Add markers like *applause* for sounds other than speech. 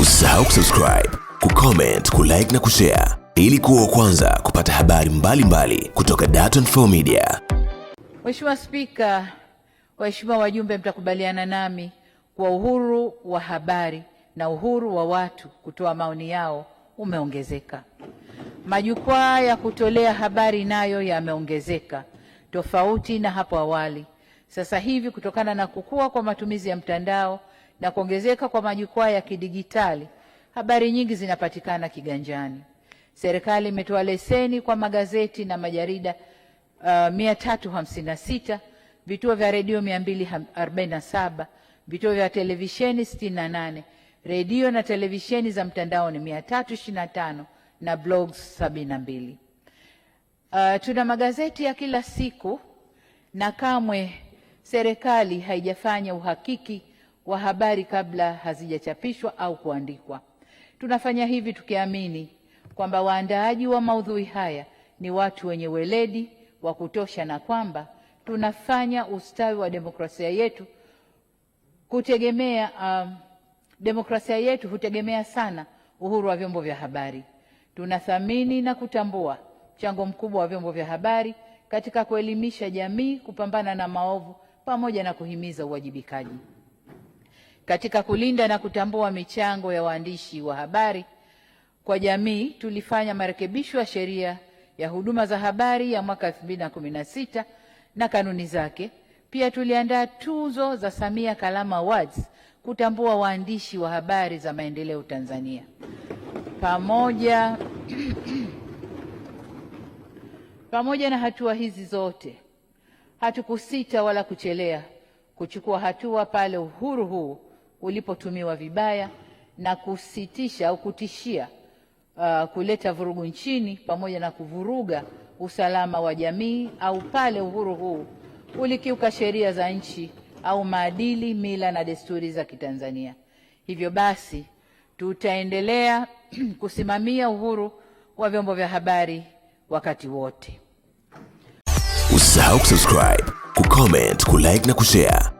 Usisahau kusubscribe, kucomment, kulike na kushare ili kuwa kwanza kupata habari mbalimbali mbali kutoka Dar24 Media. Mheshimiwa Spika, waheshimiwa wajumbe, mtakubaliana nami kwa uhuru wa habari na uhuru wa watu kutoa maoni yao umeongezeka. Majukwaa ya kutolea habari nayo yameongezeka tofauti na hapo awali. Sasa hivi kutokana na kukua kwa matumizi ya mtandao na kuongezeka kwa majukwaa ya kidijitali, habari nyingi zinapatikana kiganjani. Serikali imetoa leseni kwa magazeti na majarida uh, 356, vituo vya redio 247, vituo vya televisheni 68, redio na televisheni za mtandaoni 325 na blogs 72. Uh, tuna magazeti ya kila siku na kamwe serikali haijafanya uhakiki wa habari kabla hazijachapishwa au kuandikwa. Tunafanya hivi tukiamini kwamba waandaaji wa maudhui haya ni watu wenye weledi wa kutosha na kwamba tunafanya ustawi wa demokrasia yetu kutegemea um, demokrasia yetu hutegemea sana uhuru wa vyombo vya habari. Tunathamini na kutambua mchango mkubwa wa vyombo vya habari katika kuelimisha jamii, kupambana na maovu pamoja na kuhimiza uwajibikaji. Katika kulinda na kutambua michango ya waandishi wa habari kwa jamii, tulifanya marekebisho ya sheria ya huduma za habari ya mwaka 2016 na kanuni zake. Pia tuliandaa tuzo za Samia kalama Awards kutambua waandishi wa habari za maendeleo Tanzania pamoja *clears throat* pamoja na hatua hizi zote, hatukusita wala kuchelea kuchukua hatua pale uhuru huu ulipotumiwa vibaya na kusitisha au kutishia uh, kuleta vurugu nchini pamoja na kuvuruga usalama wa jamii au pale uhuru huu ulikiuka sheria za nchi au maadili, mila na desturi za Kitanzania. Hivyo basi tutaendelea *clears throat* kusimamia uhuru wa vyombo vya habari wakati wote. Usisahau kusubscribe, kucomment, kulike na kushare